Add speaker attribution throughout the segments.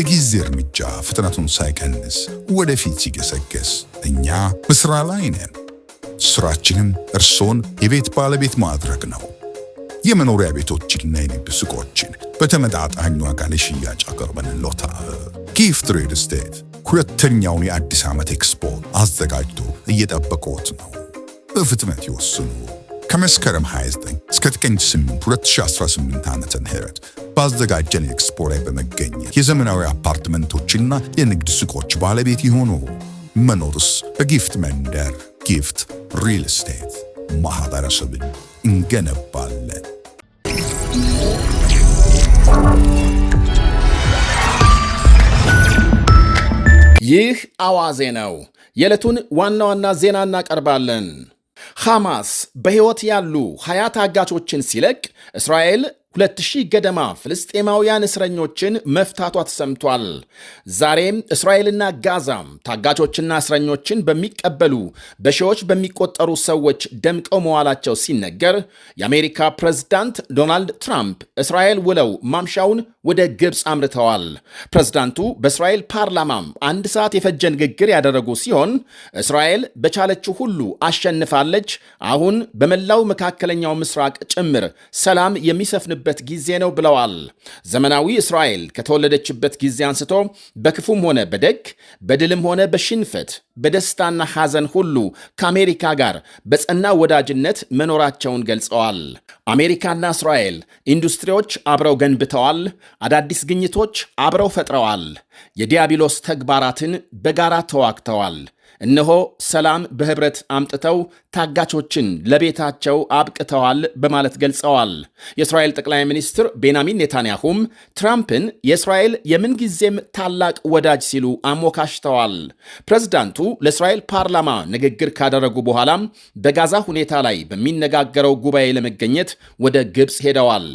Speaker 1: የጊዜ እርምጃ ፍጥነቱን ሳይቀንስ ወደፊት ሲገሰገስ እኛ በሥራ ላይ ነን። ሥራችንም እርሶን የቤት ባለቤት ማድረግ ነው። የመኖሪያ ቤቶችንና የንግድ ሱቆችን በተመጣጣኝ ዋጋ ለሽያጭ አቅርበን ሎታ ጊፍት ሬል ስቴት ሁለተኛውን የአዲስ ዓመት ኤክስፖ አዘጋጅቶ እየጠበቁት ነው። በፍጥነት ይወስኑ። ከመስከረም 29 እስከ ጥቅምት 8 2018 ዓ ዓ.ም ባዘጋጀን ኤክስፖ ላይ በመገኘት የዘመናዊ አፓርትመንቶችና የንግድ ሱቆች ባለቤት ይሆኑ። መኖርስ በጊፍት መንደር ጊፍት ሪል ስቴት ማህበረሰብን እንገነባለን።
Speaker 2: ይህ አዋዜ ነው። የዕለቱን ዋና ዋና ዜና እናቀርባለን። ሐማስ በሕይወት ያሉ ሀያ ታጋቾችን ሲለቅ እስራኤል ሁለት ሺህ ገደማ ፍልስጤማውያን እስረኞችን መፍታቷ ተሰምቷል። ዛሬም እስራኤልና ጋዛ ታጋቾችና እስረኞችን በሚቀበሉ በሺዎች በሚቆጠሩ ሰዎች ደምቀው መዋላቸው ሲነገር የአሜሪካ ፕሬዝዳንት ዶናልድ ትራምፕ እስራኤል ውለው ማምሻውን ወደ ግብፅ አምርተዋል። ፕሬዝዳንቱ በእስራኤል ፓርላማም አንድ ሰዓት የፈጀ ንግግር ያደረጉ ሲሆን እስራኤል በቻለችው ሁሉ አሸንፋለች፣ አሁን በመላው መካከለኛው ምስራቅ ጭምር ሰላም የሚሰፍን የምትሆንበት ጊዜ ነው ብለዋል። ዘመናዊ እስራኤል ከተወለደችበት ጊዜ አንስቶ በክፉም ሆነ በደግ በድልም ሆነ በሽንፈት በደስታና ሐዘን ሁሉ ከአሜሪካ ጋር በጸና ወዳጅነት መኖራቸውን ገልጸዋል። አሜሪካና እስራኤል ኢንዱስትሪዎች አብረው ገንብተዋል። አዳዲስ ግኝቶች አብረው ፈጥረዋል። የዲያብሎስ ተግባራትን በጋራ ተዋግተዋል። እነሆ ሰላም በኅብረት አምጥተው ታጋቾችን ለቤታቸው አብቅተዋል በማለት ገልጸዋል። የእስራኤል ጠቅላይ ሚኒስትር ቤንያሚን ኔታንያሁም ትራምፕን የእስራኤል የምንጊዜም ታላቅ ወዳጅ ሲሉ አሞካሽተዋል። ፕሬዝዳንቱ ለእስራኤል ፓርላማ ንግግር ካደረጉ በኋላም በጋዛ ሁኔታ ላይ በሚነጋገረው ጉባኤ ለመገኘት ወደ ግብፅ ሄደዋል።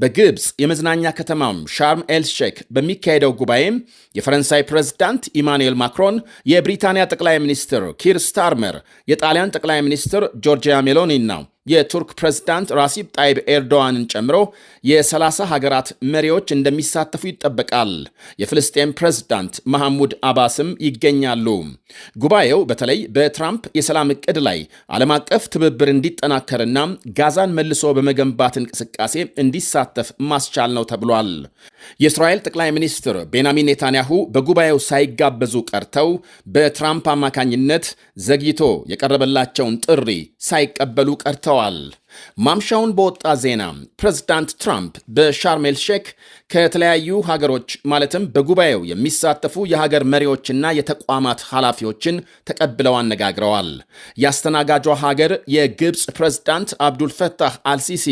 Speaker 2: በግብፅ የመዝናኛ ከተማም ሻርም ኤልሼክ በሚካሄደው ጉባኤም የፈረንሳይ ፕሬዝዳንት ኢማኑኤል ማክሮን፣ የብሪታንያ ጠቅላይ ሚኒስትር ኪር ስታርመር፣ የጣሊያን ጠቅላይ ሚኒስትር ጆርጂያ ሜሎኒ ነው የቱርክ ፕሬዝዳንት ራሲብ ጣይብ ኤርዶዋንን ጨምሮ የ30 ሀገራት መሪዎች እንደሚሳተፉ ይጠበቃል። የፍልስጤም ፕሬዝዳንት መሐሙድ አባስም ይገኛሉ። ጉባኤው በተለይ በትራምፕ የሰላም እቅድ ላይ ዓለም አቀፍ ትብብር እንዲጠናከርና ጋዛን መልሶ በመገንባት እንቅስቃሴ እንዲሳተፍ ማስቻል ነው ተብሏል። የእስራኤል ጠቅላይ ሚኒስትር ቤንያሚን ኔታንያሁ በጉባኤው ሳይጋበዙ ቀርተው በትራምፕ አማካኝነት ዘግይቶ የቀረበላቸውን ጥሪ ሳይቀበሉ ቀርተዋል። ማምሻውን በወጣ ዜና ፕሬዝዳንት ትራምፕ በሻርሜል ሼክ ከተለያዩ ሀገሮች ማለትም በጉባኤው የሚሳተፉ የሀገር መሪዎችና የተቋማት ኃላፊዎችን ተቀብለው አነጋግረዋል። የአስተናጋጇ ሀገር የግብፅ ፕሬዝዳንት አብዱልፈታህ አልሲሲ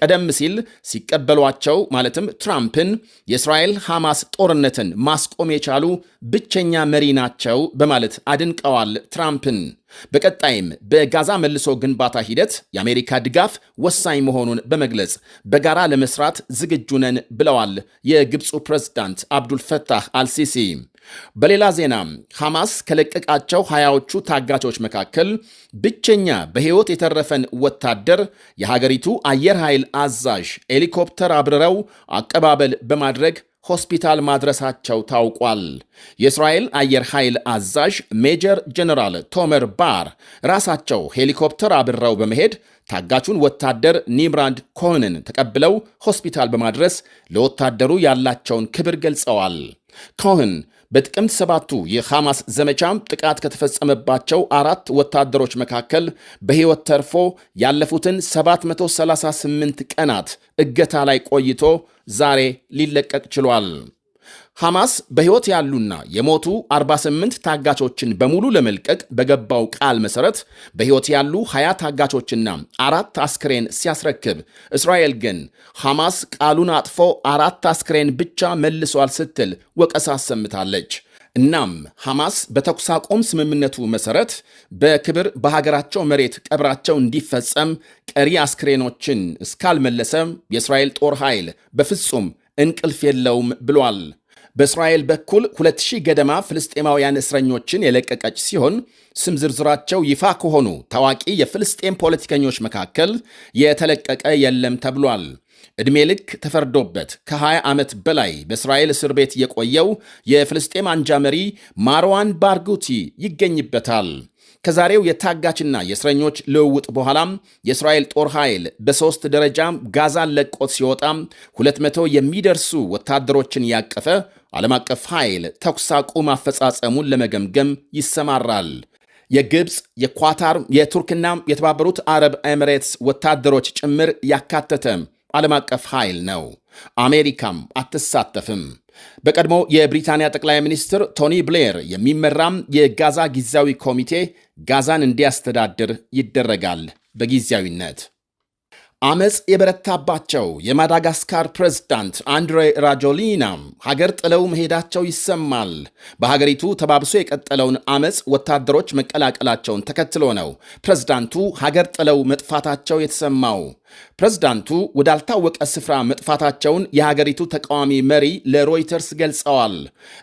Speaker 2: ቀደም ሲል ሲቀበሏቸው ማለትም ትራምፕን የእስራኤል ሐማስ ጦርነትን ማስቆም የቻሉ ብቸኛ መሪ ናቸው በማለት አድንቀዋል ትራምፕን። በቀጣይም በጋዛ መልሶ ግንባታ ሂደት የአሜሪካ ድጋፍ ወሳኝ መሆኑን በመግለጽ በጋራ ለመስራት ዝግጁ ነን ብለዋል የግብፁ ፕሬዝዳንት አብዱልፈታህ አልሲሲ። በሌላ ዜና ሐማስ ከለቀቃቸው ሀያዎቹ ታጋቾች መካከል ብቸኛ በሕይወት የተረፈን ወታደር የሀገሪቱ አየር ኃይል አዛዥ ሄሊኮፕተር አብርረው አቀባበል በማድረግ ሆስፒታል ማድረሳቸው ታውቋል። የእስራኤል አየር ኃይል አዛዥ ሜጀር ጀነራል ቶመር ባር ራሳቸው ሄሊኮፕተር አብረው በመሄድ ታጋቹን ወታደር ኒምራንድ ኮህንን ተቀብለው ሆስፒታል በማድረስ ለወታደሩ ያላቸውን ክብር ገልጸዋል። ኮህን በጥቅምት ሰባቱ የሐማስ ዘመቻም ጥቃት ከተፈጸመባቸው አራት ወታደሮች መካከል በሕይወት ተርፎ ያለፉትን 738 ቀናት እገታ ላይ ቆይቶ ዛሬ ሊለቀቅ ችሏል። ሐማስ በሕይወት ያሉና የሞቱ 48 ታጋቾችን በሙሉ ለመልቀቅ በገባው ቃል መሠረት በሕይወት ያሉ 20 ታጋቾችና አራት አስክሬን ሲያስረክብ፣ እስራኤል ግን ሐማስ ቃሉን አጥፎ አራት አስክሬን ብቻ መልሷል ስትል ወቀሳ አሰምታለች። እናም ሐማስ በተኩስ አቁም ስምምነቱ መሠረት በክብር በሀገራቸው መሬት ቀብራቸው እንዲፈጸም ቀሪ አስክሬኖችን እስካልመለሰም የእስራኤል ጦር ኃይል በፍጹም እንቅልፍ የለውም ብሏል። በእስራኤል በኩል ሁለት ገደማ ፍልስጤማውያን እስረኞችን የለቀቀች ሲሆን ስም ዝርዝራቸው ይፋ ከሆኑ ታዋቂ የፍልስጤም ፖለቲከኞች መካከል የተለቀቀ የለም ተብሏል። ዕድሜ ልክ ተፈርዶበት ከ20 ዓመት በላይ በእስራኤል እስር ቤት የቆየው የፍልስጤም አንጃ መሪ ማርዋን ባርጉቲ ይገኝበታል። ከዛሬው የታጋችና የእስረኞች ልውውጥ በኋላም የእስራኤል ጦር ኃይል በሦስት ደረጃ ጋዛን ለቆት ሲወጣ 200 የሚደርሱ ወታደሮችን ያቀፈ ዓለም አቀፍ ኃይል ተኩስ አቁም አፈጻጸሙን ለመገምገም ይሰማራል። የግብፅ፣ የኳታር፣ የቱርክና የተባበሩት አረብ ኤምሬትስ ወታደሮች ጭምር ያካተተ ዓለም አቀፍ ኃይል ነው። አሜሪካም አትሳተፍም። በቀድሞ የብሪታንያ ጠቅላይ ሚኒስትር ቶኒ ብሌር የሚመራም የጋዛ ጊዜያዊ ኮሚቴ ጋዛን እንዲያስተዳድር ይደረጋል በጊዜያዊነት። አመፅ የበረታባቸው የማዳጋስካር ፕሬዝዳንት አንድሬ ራጆሊና ሀገር ጥለው መሄዳቸው ይሰማል። በሀገሪቱ ተባብሶ የቀጠለውን አመፅ ወታደሮች መቀላቀላቸውን ተከትሎ ነው ፕሬዝዳንቱ ሀገር ጥለው መጥፋታቸው የተሰማው። ፕሬዝዳንቱ ወዳልታወቀ ስፍራ መጥፋታቸውን የሀገሪቱ ተቃዋሚ መሪ ለሮይተርስ ገልጸዋል።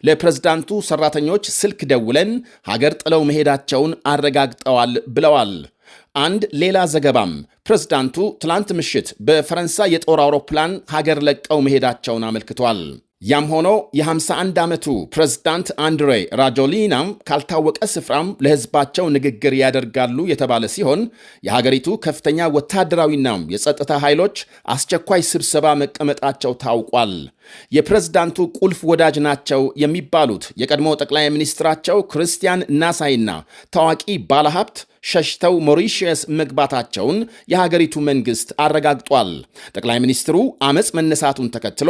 Speaker 2: ለፕሬዝዳንቱ ሰራተኞች ስልክ ደውለን ሀገር ጥለው መሄዳቸውን አረጋግጠዋል ብለዋል። አንድ ሌላ ዘገባም ፕሬዝዳንቱ ትላንት ምሽት በፈረንሳይ የጦር አውሮፕላን ሀገር ለቀው መሄዳቸውን አመልክቷል። ያም ሆኖ የ51 ዓመቱ ፕሬዝዳንት አንድሬ ራጆሊናም ካልታወቀ ስፍራም ለሕዝባቸው ንግግር ያደርጋሉ የተባለ ሲሆን የሀገሪቱ ከፍተኛ ወታደራዊና የጸጥታ ኃይሎች አስቸኳይ ስብሰባ መቀመጣቸው ታውቋል። የፕሬዝዳንቱ ቁልፍ ወዳጅ ናቸው የሚባሉት የቀድሞ ጠቅላይ ሚኒስትራቸው ክርስቲያን ናሳይና ታዋቂ ባለሀብት ሸሽተው ሞሪሽየስ መግባታቸውን የሀገሪቱ መንግስት አረጋግጧል። ጠቅላይ ሚኒስትሩ አመፅ መነሳቱን ተከትሎ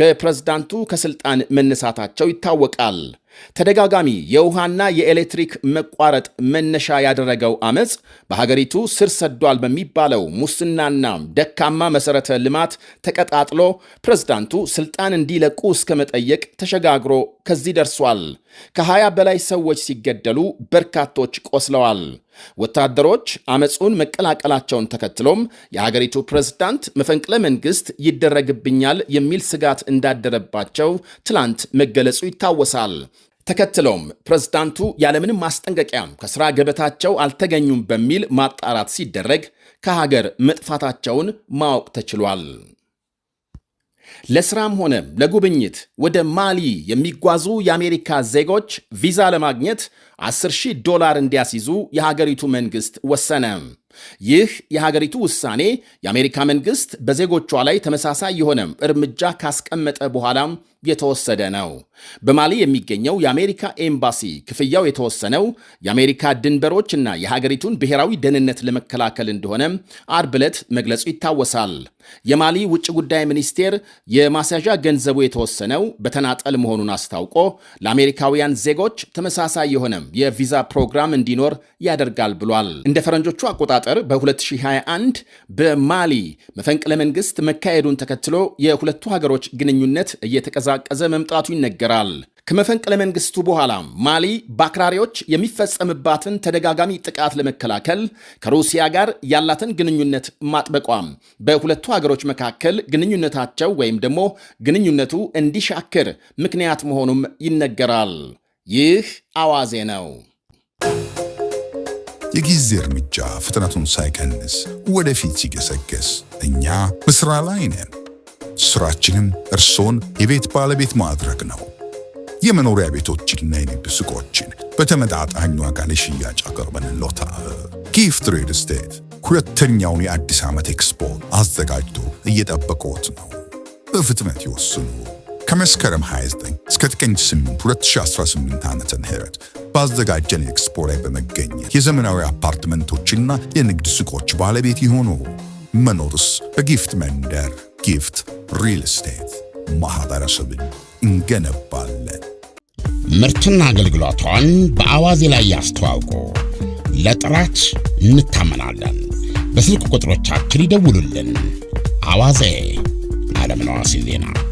Speaker 2: በፕሬዝዳንቱ ከስልጣን መነሳታቸው ይታወቃል። ተደጋጋሚ የውሃና የኤሌክትሪክ መቋረጥ መነሻ ያደረገው አመፅ በሀገሪቱ ስር ሰዷል በሚባለው ሙስናና ደካማ መሰረተ ልማት ተቀጣጥሎ ፕሬዝዳንቱ ስልጣን እንዲለቁ እስከ መጠየቅ ተሸጋግሮ ከዚህ ደርሷል። ከ20 በላይ ሰዎች ሲገደሉ በርካቶች ቆስለዋል። ወታደሮች አመፁን መቀላቀላቸውን ተከትሎም የሀገሪቱ ፕሬዝዳንት መፈንቅለ መንግስት ይደረግብኛል የሚል ስጋት እንዳደረባቸው ትላንት መገለጹ ይታወሳል። ተከትለውም ፕሬዝዳንቱ ያለምንም ማስጠንቀቂያም ከስራ ገበታቸው አልተገኙም በሚል ማጣራት ሲደረግ ከሀገር መጥፋታቸውን ማወቅ ተችሏል። ለስራም ሆነ ለጉብኝት ወደ ማሊ የሚጓዙ የአሜሪካ ዜጎች ቪዛ ለማግኘት 10,000 ዶላር እንዲያስይዙ የሀገሪቱ መንግስት ወሰነ። ይህ የሀገሪቱ ውሳኔ የአሜሪካ መንግስት በዜጎቿ ላይ ተመሳሳይ የሆነ እርምጃ ካስቀመጠ በኋላም የተወሰደ ነው። በማሊ የሚገኘው የአሜሪካ ኤምባሲ ክፍያው የተወሰነው የአሜሪካ ድንበሮች እና የሀገሪቱን ብሔራዊ ደህንነት ለመከላከል እንደሆነ አርብ ዕለት መግለጹ ይታወሳል። የማሊ ውጭ ጉዳይ ሚኒስቴር የማስያዣ ገንዘቡ የተወሰነው በተናጠል መሆኑን አስታውቆ ለአሜሪካውያን ዜጎች ተመሳሳይ የሆነም የቪዛ ፕሮግራም እንዲኖር ያደርጋል ብሏል። እንደ ፈረንጆቹ አቆጣጠር በ2021 በማሊ መፈንቅለ መንግስት መካሄዱን ተከትሎ የሁለቱ ሀገሮች ግንኙነት እየተቀዛ እየተቀዛቀዘ መምጣቱ ይነገራል። ከመፈንቅለ መንግስቱ በኋላ ማሊ በአክራሪዎች የሚፈጸምባትን ተደጋጋሚ ጥቃት ለመከላከል ከሩሲያ ጋር ያላትን ግንኙነት ማጥበቋም በሁለቱ ሀገሮች መካከል ግንኙነታቸው ወይም ደግሞ ግንኙነቱ እንዲሻክር ምክንያት መሆኑም ይነገራል። ይህ አዋዜ ነው።
Speaker 1: የጊዜ እርምጃ ፍጥነቱን ሳይቀንስ ወደፊት ሲገሰገስ እኛ በስራ ላይ ነን። ስራችንም እርሶን የቤት ባለቤት ማድረግ ነው። የመኖሪያ ቤቶችንና የንግድ ሱቆችን በተመጣጣኝ ዋጋ ለሽያጭ አቅርበን ሎታ ጊፍት ሬድ ስቴት ሁለተኛውን የአዲስ ዓመት ኤክስፖ አዘጋጅቶ እየጠበቀዎት ነው። በፍጥነት ይወስኑ። ከመስከረም 29 እስከ ጥቅምት 8 2018 ዓመተ ምህረት ባዘጋጀን ኤክስፖ ላይ በመገኘት የዘመናዊ አፓርትመንቶችና የንግድ ሱቆች ባለቤት ይሆኑ። መኖርስ በጊፍት መንደር ጊፍት ሪል ስቴት ማህበረሰብን እንገነባለን።
Speaker 3: ምርትና አገልግሎቷን በአዋዜ ላይ ያስተዋውቁ። ለጥራች እንታመናለን። በስልክ ቁጥሮቻችን ይደውሉልን። አዋዜ ዓለምነህ ዋሴ ዜና